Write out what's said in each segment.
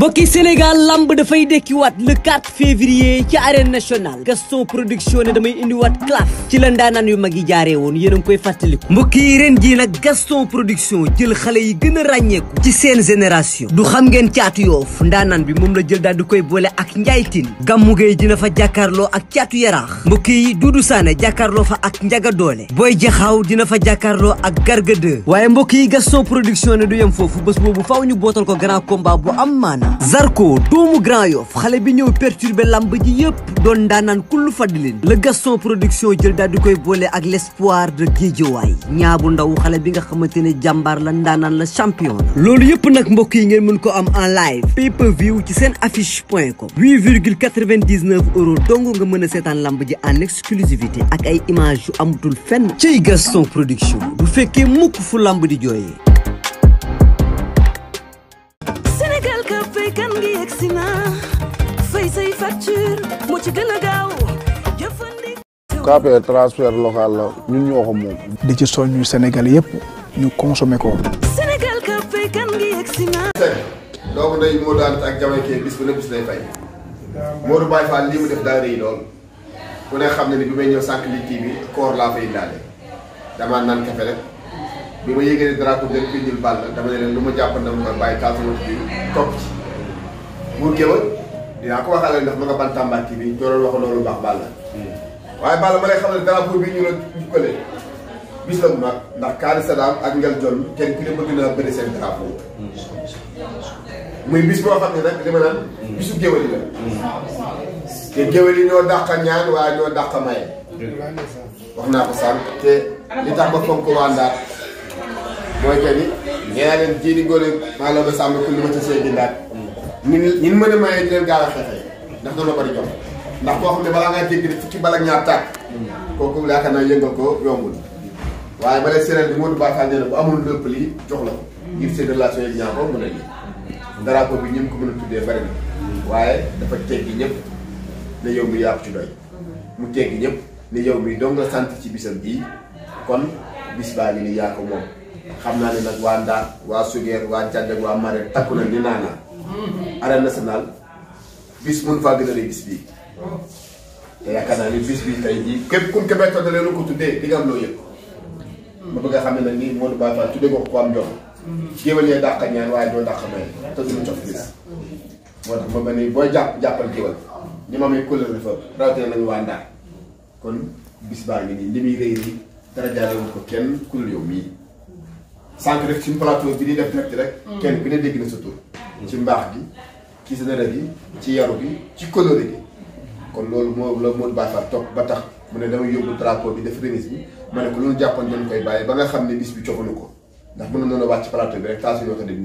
mbokki Sénégal lamb dafay dekkiwaat le 4 février ci arène national Gaston production ne damay indiwaat claf ci la ndaanaan yu mag yi jaaree woon yéen a ngi koy fàttaliku. mbokk yi ren jii nag Gaston production jël xale yi gën a ràññeeku ci seen génération du xam ngeen caatu yoof ndaanaan bi moom la jël daal di koy boole ak njaaytin gàmmu gay dina fa jàkkaarloo ak caatu yaraax mbokk yi Doudou Sané jàkkaarloo fa ak njaga doole booy jaxaaw dina fa jàkkaarloo ak garga waaye mbokk yi Gaston production ne du yem foofu bés boobu faaw ñu bootal ko grand combat bu am maana Zarko doomu Grand Yoff xale bi ñëw perturbé lamb ji yëpp doon daanaan kullu fadilin la Gaston production jël daal di koy boole ak l'espoir de Guédiawaye ñaa bu ndaw xale bi nga xamante ne jàmbaar la ndaanaan la champion loolu yëpp nag mbokk yi ngeen mën ko am en live pay per view ci seen affiche point com 8 virgule 99 euros dong nga mën a seetaan lamb ji en exclusivité ak ay image yu amatul fenn cey Gaston production bu fekkee mukk fu lamb di jooyee ci gën a gaaw KPR transfert local la ñun ñoo ko moom. di ci soñ ñu Sénégal yëpp ñu consommé ko. Sénégal ka fay kan ngi yegg si naa. doomu ndey moo daan ak jamono kii bis bu ne bis lay fay Modou Baye lii mu def daa rëy lool ku ne xam ne ni bi may ñëw sànq liggéey bi koor laa fay indaale damaa naan kafe rek bi ma yëgee ne drapeau bi rek fi ñu ball dama ne leen lu ma jàpp dama ko bàyyi kàlla bi topp ci. bu géwël dinaa ko waxaale ndax ma nga ban Tamba TV bi doon wax loolu baax Balla. Hmm. waaye Balla ma lay xamal drapeau bi ñu la jukkale bis la mu mag ndax Kaari Sadam ak Ngel Jol kenn ku ne bëgg naa bëri seen drapeau. muy bis boo xam ne nag li ma naan. Hmm. bisu géwél yi la. Hmm. te géwél yi ñoo dàq ñaan waaye ñoo dàq maye. wax naa ko sànq te li tax ba fonk waa mooy que ni. nee naa leen jii maa ngi leen di sàmm li ma ca see bindaat. ñun ñun mën a maye di leen gaaw a xeexee ndax dañoo bëri jom ndax koo xam ne balaa ngaa jéggi fukki bala ak ñaar tàkk kooku yaakaar naa ko yombul waaye ba lay séeréer bi Modou Bakal nee na bu amul lépp lii jox la ko yi ñaar boobu mën a bi ñi ko mën a tuddee bari na waaye dafa teggi ñëpp ne yow mi yàpp ci doy mu teggi ñëpp ne yow mi dong nga sant ci bisam bi kon bis baa ngi ni yaa ko moom xam naa ne nag waa Ndar waa Sugeer waa Càdd ak waa Mare takku la ni naanaa arène nationale bis mun faa gën a bis bii te yaakaar naa ni bis bii tey jii képp ku Kébémer toog na ko tuddee di nga am loo yëg. ba bëgg a xam ne nag nii Modou Ba Fall tuddee ko ko am jom. géwél yee dàq ñaan waaye doo dàq may te duñu cof bis. moo tax ma ba ni booy jàpp jàppal géwél ñi ma may kóllëre fa rawatina na waa Ndar kon bis baa ni ni li muy rëy nii dara jaarewul ko kenn ku dul yow mii. sànq rek suñu plateau bi di def direct rek. Mm. kenn ku ne dégg na sa tur. Mm. ci mbaax gi. ci sënëra bi ci yaru bi ci coloré bi kon loolu moo la moon Baay Faal topp ba tax mu ne damay yóbbu drapeau bi def remise bi ma ko loolu jàppoon dañ koy bàyyi ba nga xam ne bis bi cofanu ko ndax mën na noonu wàcc plateau bi rek taas yoo ko dem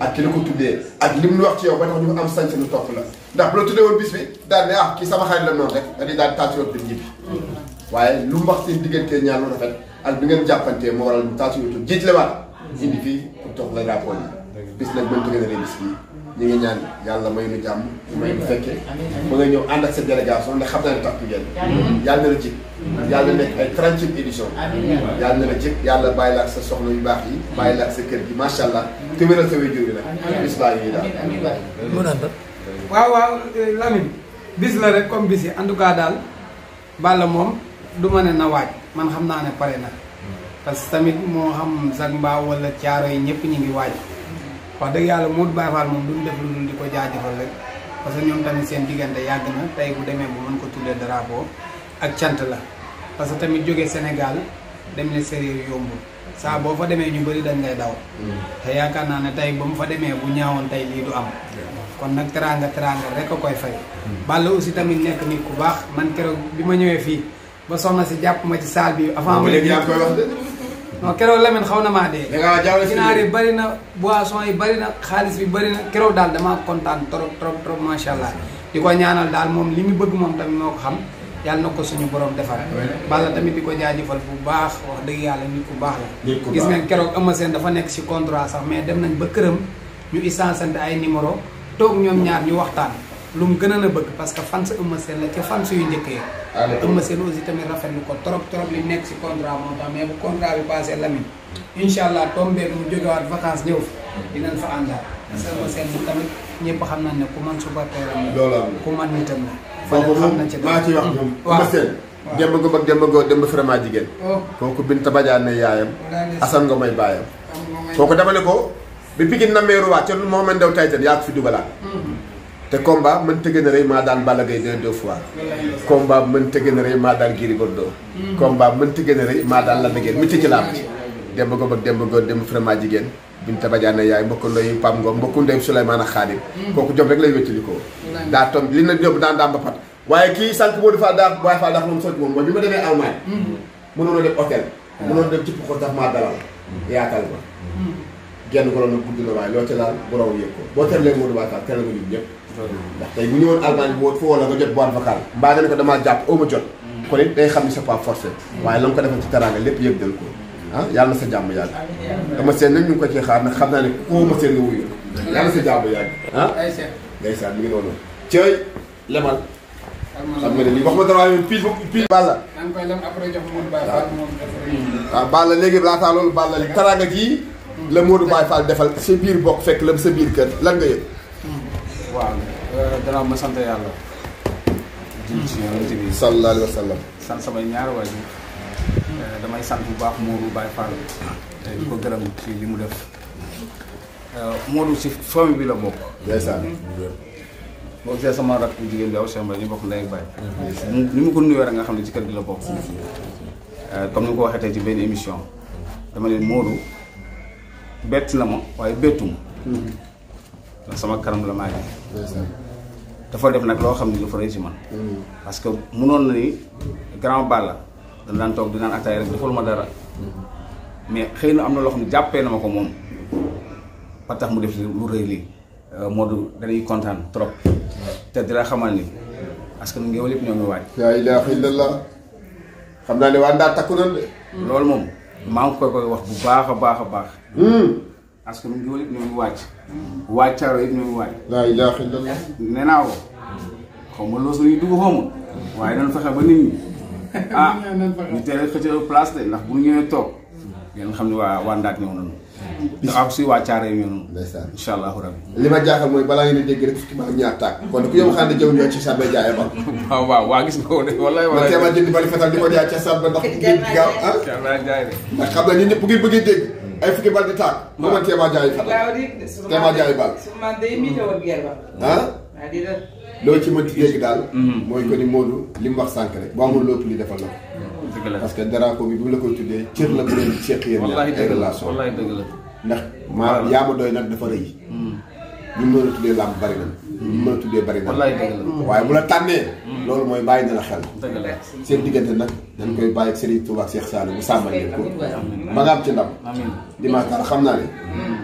ak ki la ko tuddee ak li mu wax ci yow ba tax ñu am sañ lu topp la ndax bu la tuddee woon bi daal ne ah kii sama xarit la noonu rek da di daal taas yoo dem nit waaye lu mu wax seen diggantee ñaar lu rafet ak bi ngeen jàppantee moo waral taas yoo jiit lewaat indi fii pour toog la drapeau bi bis nag bañ jógee bis bii ñu ngi ñaan yàlla may nu jàmm may nu fekkee ba nga ñëw ànd ak sa délégation ndax xam naa ne tàpp ngeen yàlla na la jik yàlla bi a waaw waaw Lamine bis la rek comme bis yi en tout cas daal Balla moom du ma ne na waaj man xam naa ne pare na parce que tamit moo xam sag mbaa wala caaro yi ñëpp ñu ngi waaj wax dëgg yàlla Modou Baye Fall moom duñ def lu dul di ko jaajëfal rek parce que ñoom tamit seen diggante yàgg na tey bu demee bu mën ko tuddee drapeau ak cant la parce que tamit jóge Sénégal dem ne séréer yombul saa boo fa demee ñu bëri dañ lay daw mm. te yaakaar naa ne tey ba mu fa demee bu ñaawoon tey lii du am kon nag teraanga teraanga rek a koy fay mm. Balla aussi tamit nekk nit ku baax man keroog bi ma ñëwee fii ba soxna si jàpp ma ci saal bi avant ma léegi yaa non keroog Lamine xaw na ma dee. da ngaa jaawale ginaar yi bëri na boisson yi bëri na xaalis bi bëri na keroog daal damaa kontaan trop trop trop macha allah. di ko ñaanal daal moom li mu bëgg moom tamit moo ko xam yàlla na ko suñu borom defar. bala tamit di ko jaajëfal bu baax wax dëgg yàlla nit ku baax la. gis ngeen keroog Eumeu seen dafa nekk si contrat sax mais dem nañ ba këram ñu isansante ay numéro toog ñoom ñaar ñu waxtaan. lu mu gën a bëgg parce que fans Eumeu Sène la ci fans yu njëkk yi. Eumeu Sène aussi tamit rafetlu ko trop trop li nekk si contrat moo tax mais bu contrat bi passé Lamine. incha allah tombé mu jógewaat vacances ñëw fi. dinañ fa àndaat. parce que Eumeu Sène tamit ñëpp xam nañ ne ku man supporteram la. ku man nitam la. na ci maa ci wax moom. waaw Eumeu Sène. waaw nga bëgg démb nga démb vraiment jigéen. Oh. kooku Binta Badiane ne yaayam. Assane nga may baayam. kooku dama ko. bi Pikine nammeeruwaat ca Mouhamed Ndao Tyson yaa ko te combat mën tëgg na rëy maa daan Balla Gaye deux deux fois combat mën tëgg na rëy maa daan Gris Bordeaux combat mën tëgg na rëy maa daan la dëggeen mi ci làmb ci demb ko bëgg demb ko dem vraiment jigéen Binta Badiane yaay mbokku ndoyu Pam Ngom mbokku ndoyu Souleymane ak Khadim kooku jom rek lay wéttalikoo daa tom li na daan daan ba pat waaye kii sànq moo di faa daa waaye faa daax moom socc moom mooy bi ma demee Allemagne mënoon a dem hôtel mënoon a dem ci poxool daf ma genn golo nag gudd na waaye loo ca laal borom yëg ko boo terlee Modou Ba Fall teral nga ñun ñëpp ndax tey bu ñëwoon Allemagne bi woo foo la nga jot boîte vocale mbaa nga ko damaa jàpp oo ma jot kon it day ko defal ci teraanga lépp yëg dal ko ah na sa jàmm yàgg dama seen nag ñu ngi ko cee xaar nag xam naa ne koo ma seen nga wuyu yàlla na sa jàmm yàgg ah ndeysaan mi ngi noonu cëy lemal xam nga ne lii wax ma dara yoon pile pile Balla waaw Balla léegi laataa loolu Balla li teraanga la Modou Baye defal sa biir bokk fekk la sa biir kër lan nga yëg. waaw euh, danaa ma sant yàlla. jëm bi sallallahu alayhi wa sallam. sant samay ñaari waajur euh, damay sant bu baax Modou Baye Fall. te euh, di ko gërëm ci li mu def. Modou si famille bi la bokk. ndeysaan. boo gisee sama rakk bu jigéen bi aw Cheikh Mbaye ñu bokk ndey ak ni mu ko nuyoo a nga xam ne ci kër gi la bokk. comme ni ko waxee tey ci benn émission. dama ne Modou. bett na ma waaye bettu ma mm-hmm. sama kanam la maa ngi dafa def nag loo xam ne dafa rëy si man mm-hmm. parce que munoon na ni grand balla dana daan toog di naan ataay rek defal ma dara mm-hmm. mais xëy na am na loo xam ne jàppee na ma ko moom ba tax mu def lu rëy lii euh, du dañuy kontaan trop te di la xamal ni parce que nu ngeewal yëpp ñoo ngi waaj laa ilaaha illallaah xam naa ne waa ndaa takku nan de loolu moom maa ngi ko koy wax bu baax a baax a baax. Hmm. parce que ñun ñoo leen ñoo wàcc. waa Caro it ñoo wàcc. laa ilaaha illallaah. nee naa ko xaw ma loo suñuy dugg xaw ma waaye dañu fexe ba ni ñi ah ñu teel a xëcc place de ndax bu ñu ñëwee toog. ngeen xam ne waa waa Ndaat ñëw waa Caare ñëw nañu. ndeysaan incha li ma jaax mooy balaa ngeen di dégg rek fukki ma ak ñaar tàkk. kon ku yow xam ne ci sàbbe jaay ba. waaw waaw waa gis nga ko de wallaay wallaay. man jënd bari fetal di ko jaay ah? ñëpp bu bëgg dégg. ay bal di tàkk. waaw man teema jaay ma teema jaay ma day mi ñëwoon geer ba. ah. waaw di ci mënti daal. Mhm. mooy ko ni Modou li mu wax sànq rek boo amul lépp li defal la dëgg la parce que drapeau bi bi mu la koy tuddee cër la bu leen seq yéen wallaahi dëgg la wallaahi dëgg la ndax maanaam yaa doy nag dafa rëy ñu mën a tuddee tuddee bari na hmm. waaye bu la tànnee hmm. loolu mooy bàyyi na la xel dëgg seen diggante nag dañ koy bàyyi ak Serigne Touba ak Cheikh bu sàmmal leen ko ba nga am ci ndam dimanche daal xam naa ne hmm.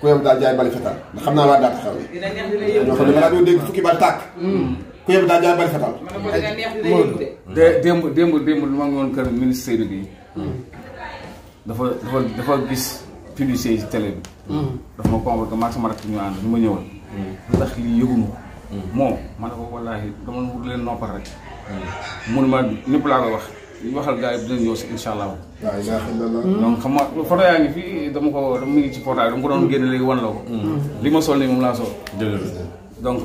ku yam daal jaay bali fetal ndax xam naa waa daata xew yi ñoo xam ne balaa ñoo dégg fukki bal tàkk ku yëpp daal jaay bari xetal. démb démb démb lu ma ngi woon kër ministre Seydou Guèye. dafa dafa dafa gis publicité ci télé bi. Hmm. dafa ma convoqué maag sama rakk ñu ànd ñu ma ñëwal. Hmm. ndax lii yëgunu ko. Hmm. moom ma ne ko wallaahi dama wut leen noppal rek. mun ma ñëpp laa koy wax li waxal gars yi dinañ ñëw si incha allah. donc xam nga photo yaa ngi fi dama ko dama ngi ci portail dama ko doon génne léegi wan la ko. li ma sol nii moom laa sol. donc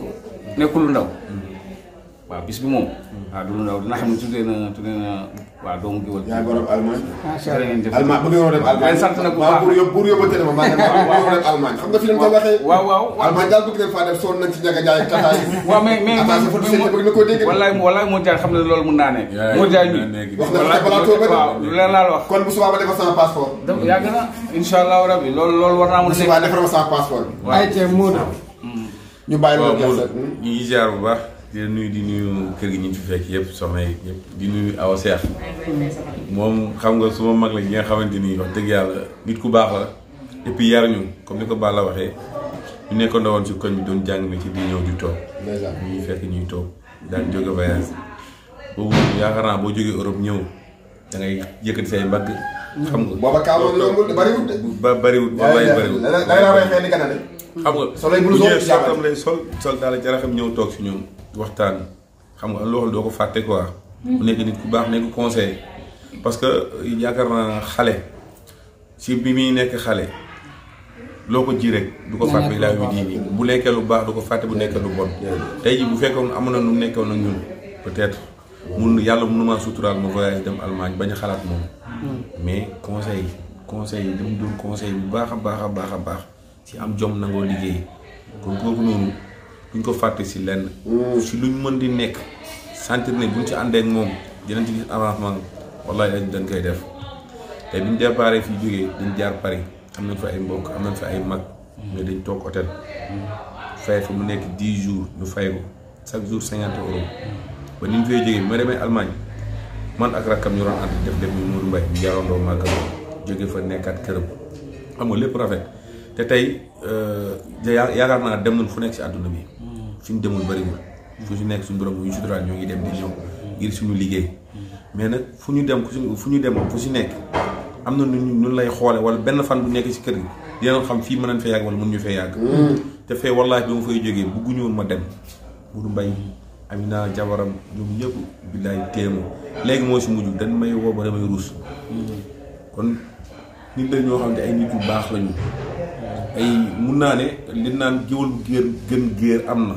nekkul lu ndaw. waaw bis bi moom. waaw du ndaw dina xam ne tuddee na tuddee na waaw doomu géwël. yaa ngi borom Allemagne. macha allah Allemagne bëgg yoon dem Allemagne. sant na bu baax pour yóbbu pour yóbbu téléma maa ngi dem waaw waaw a waaw mais moo jaay xam ne loolu naa ne. moo jaay ñu wax na ko plateau ba waaw lu leen loolu loolu naa mën a. bu subaa defar ma sama bi. waaw ñu loolu ñu ngi bu baax di nuyu di nuyu kër gi ñu fi fekk yëpp soxna yi yëpp di nuyu aw seex moom xam nga suma mag la ñi nga xamante ni wax dëgg yàlla nit ku baax la et yar ñu comme ni ko baax la waxee ñu nekkoon woon ci koñ bi doon jàng mi ci di ñëw di toog ñu fekk ñuy toog daan jóge voyage boobu yaakaar naa boo jógee Europe ñëw da ngay yëkkati say mbagg xam nga booba kaa moom loolu bariwut de bariwut wallaay bariwut da ngay xam nga sol sol daal jaraxam ñëw toog ci ñu waxtaan xam nga loolu doo ko fàtte quoi. mu nekk nit ku baax nekk conseil parce que yaakaar naa xale si bi muy nekk xale loo ko ji rek. du ko fàtte laa wi diini bu nekkee lu baax du ko fàtte bu nekkee lu bon. tey ji bu fekkoon amoon na nu nekkoon na ñun peut-être. mun yàlla mënuma suturaal ma voyage dem Allemagne bañ a xalaat moom. Hmm. mais conseil conseil dama doon conseil bu baax a baax a baax a baax si am jom nangoo liggéey kon kooku noonu. ñu ko fàtte si lenn. si mm. lu luñ mën di nekk sentir ne buñ ci àndee ak moom dinañ ci gis avancement wallahi dañ koy def te biñ déparé fi jógee dañ jaar Paris am nañ fa ay mbokk am nañ fa ay mag. mais dañ toog hôtel. fay fa mu nekk di jour ñu fay ko chaque jour cinquante euros. ba ni ñu fay jógee bi ma man ak rakkam ñu doon ànd def def ñu Mourou Mbaye ñu jaaroon doo màggal jóge fa nekkaat këram xam nga lépp rafet. te tey euh, yaakaar naa dem nañ fu nekk si àdduna bi suñ demul bëriwul fu si nekk suñu borom bu ñu suturaal ngi dem ngir suñu liggéey mais nag fu ñu dem fu ñu demoon fu si nekk am na nu ñu lay xoole wala benn fan bu nekk si kër gi dinañ xam fii mën nañ fee yàgg wala mën ñu fee yàgg te fee wallaahi bi ma fay jógee bugguñu woon ma dem Modou Mbaye Amina jabaram ñoom ñëpp billaay téemo léegi moo si mujj dañ may woo ba damay ruus mm-hmm. kon nit la ñoo xam ne ay nit yu baax lañu ay mun naa ne li naan jiwal bu géer gën am na.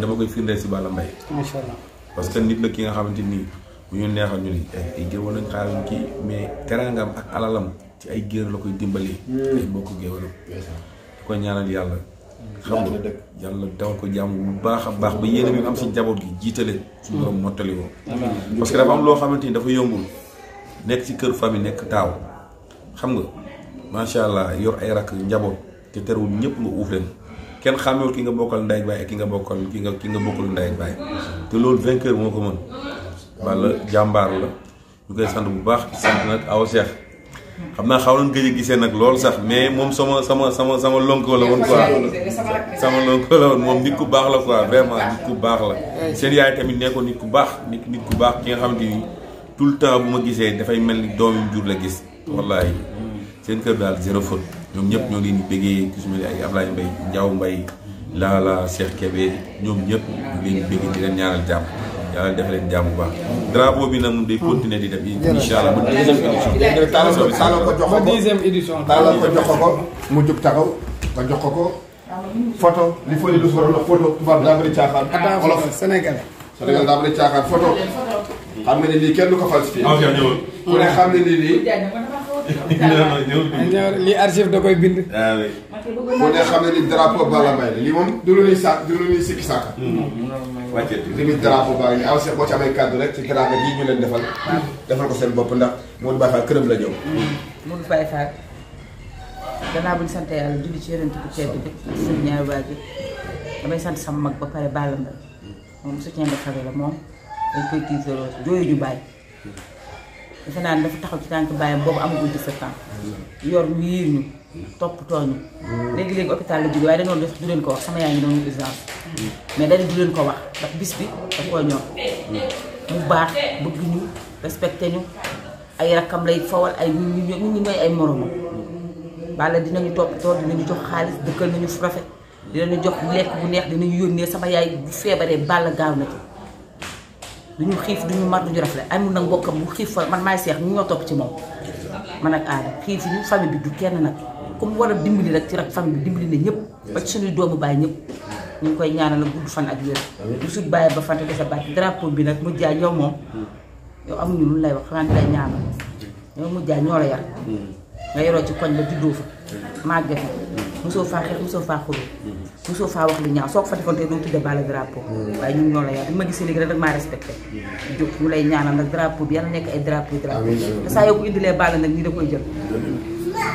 dama koy firndeel si Balla Mbaye. macha allah parce que nit la ki nga xamante nii bu ñu neexal ñu ni eh, ay géwal lañ xaaruñ kii mais teraangam ak alalam ci ay géer la koy dimbali. Hmm. ay mbokk géwalam. ko ñaanal yàlla. Hmm. xam nga yàlla daw ko jàmm bu baax a baax ba yéene bi am si njaboot gi jiitale. suñu borom hmm. mottali ko. parce que dafa am loo xamante ni dafa yombul. nekk ci kër famille nekk taaw xam nga macha allah yor ay rakk njaboot. te terewul ñëpp lu uuf leen kenn xàmmewul ki nga bokkal ndey ak baay ki nga bokkal ki nga ki nga bokkul ndey ak te loolu vainqueur moo ko mën. Balla jàmbaar la ñu koy sant bu baax sant nag aw Cheikh xam naa xaw nañ gëj a gisee nag loolu sax mais moom sama sama sama sama lonko la woon quoi sama lonko la woon moom nit ku baax la quoi vraiment nit ku baax la seen yaay tamit nekkoon nit ku baax nit ku baax ki nga xam ni tout le temps bu ma gisee dafay mel ni doomam jur la gis wallaay seen kër daal zéro faute ñoom ñëpp ñoo ngi leen di bëggee ku su mel ay Ablaye Mbaye Ndiaw Mbaye Lala Cheikh Kébé ñoom ñëpp ñu leen bëggee di leen ñaanal jàmm yàlla def leen jàmm bu baax drapeau bi nag moom day continuer di def incha allah ba deuxième édition. taalal ko jox ko ba deuxième ko jox ko mu jub taxaw nga jox ko ko. photo li fële lu soro la photo tubaab daa bëri caaxaan. wolof Sénégal. Sénégal daa bëri caaxaan photo. xam nga ne lii kenn du ko falsifié. ku ne xam ne lii nii. lii archive da koy bind. waaw oui. bu ne xam ne ni drapeau Balla Mbaye la lii moom du lu ñuy sàkk du lu ñuy sikki sàkk. Mm. wàcce boo ci amee kàddu rek ci drapeau bii ñu leen defal. defal ko seen bopp ndax Modou Baye Fall këram la ñëw. Modou Baye Fall danaa buñ sant yàlla julli ci yonent bu tedd bi ak seen ñaari waajur damay sant sama mag ba pare Balla Mbaye moom soutien de famille la moom jooyu ñu bàyyi. defe naa dafa taxaw ci tànk bàyyam boobu amagul 17 ans yor ñu yiir ñu toppatoo ñu léegi-léegi hôpital la jóge waaye danoon def du leen ko wax sama yaay ngi doon mais dañu du leen ko wax ndax bis bi daf koo ñor mu baax bëgg ñu respecté ñu ay rakkam lay fawal ay ñu ñu ñooy ay moromam bala dinañu toppatoo dinañu jox xaalis dëkkal nañu fu rafet dinañu jox lekk bu neex dinañu yónnee sama yaay bu feebaree bala gaaw na ci duñu xiif duñu mar duñu rafle amul nag mbokkam bu xiif fa man maay seex ñu ñoo topp ci moom man ak aada xiif ñu famille bi du kenn nag comme war a dimbali rek ci rek famille bi dimbali na ñëpp ba ci suñuy doomu baay ñëpp ñu ngi koy ñaanal gudd fan ak wér du sut bàyyi ba fante desa bàcc drapeau bi nag mu jaay yow moom yow amuñu lu lay wax xanaa ni lay ñaanal yow mu ñoo la yar nga yoroo ci koñ la juddoo fa màggati soo faa xeex soo faa xuloo mosoo faa wax lu ñaaw soo ko fa defoon tey doo tudde bala drapeau waaye ñun ñoo la yaa bi ma gisee léegi rek maa respecté jóg ñu lay ñaanal nag drapeau bi yàlla nekk ay drapeau drapeau te saa yoo ko indilee bala nag ñi da koy jël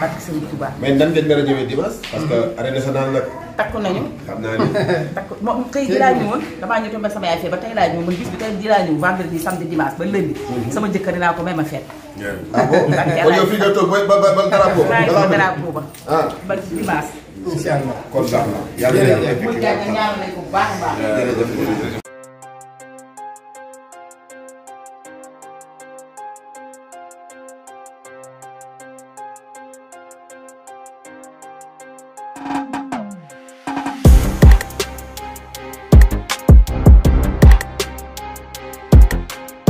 barke sëñ Touba. mais nan ngeen nar a ñëwee dimanche. parce que mm-hmm. arène nationale nag. takku nañu. xam naa ni takku moom tey ji laa ñëw woon damaa ñëw tombé sama yaay fee ba tey laa ñëw man bis bi tey ji laa vendredi ba mm-hmm. sama jëkkër dinaa ko may ma fekk. a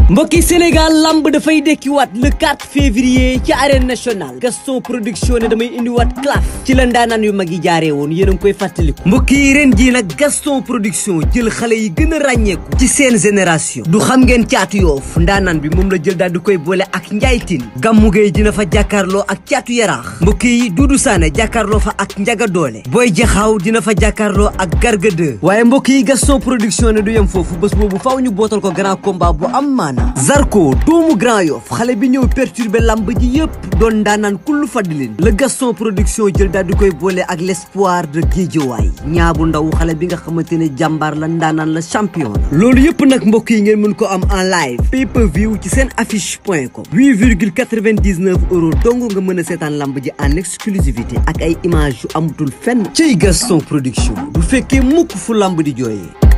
mbokki Sénégal lamb dafay dekkiwaat le 4 février ci arène national Gaston production ne damay indiwaat claf ci la ndaanaan yu mag yi jaaree woon yéen a ngi koy fàttaliku mbokki ren jii nag Gaston production jël xale yi gën a ràññeeku ci seen génération du xam ngeen caatu yoof ndaanaan bi moom la jël daal di koy boole ak njaaytin gàmmu gay dina fa jàkkaarloo ak caatu yaraax mbokki yi Doudou Sané jàkkaarloo fa ak njaga doole booy jaxaaw dina fa jàkkaarloo ak garga waaye mbokk yi Gaston production ne du yem foofu bés boobu faaw ñu bootal ko grand combat bu am maan ndaanaan Zarko doomu Grand Yoff xale bi ñëw perturbé lamb ji yëpp doon ndaanaan kullu fadilin la Gaston production jël daal di koy boole ak l'espoir de Guédiawaye ñaa bu ndaw xale bi nga xamante ne jàmbaar la ndaanaan la champion loolu yëpp nag mbokk yi ngeen mën ko am en live pay per view ci seen affiche point ko 8 virgule 99 euros dong nga mën a seetaan lamb ji en exclusivité ak ay image yu amatul fenn ciy Gaston production bu fekkee mukk fu lamb di jooyee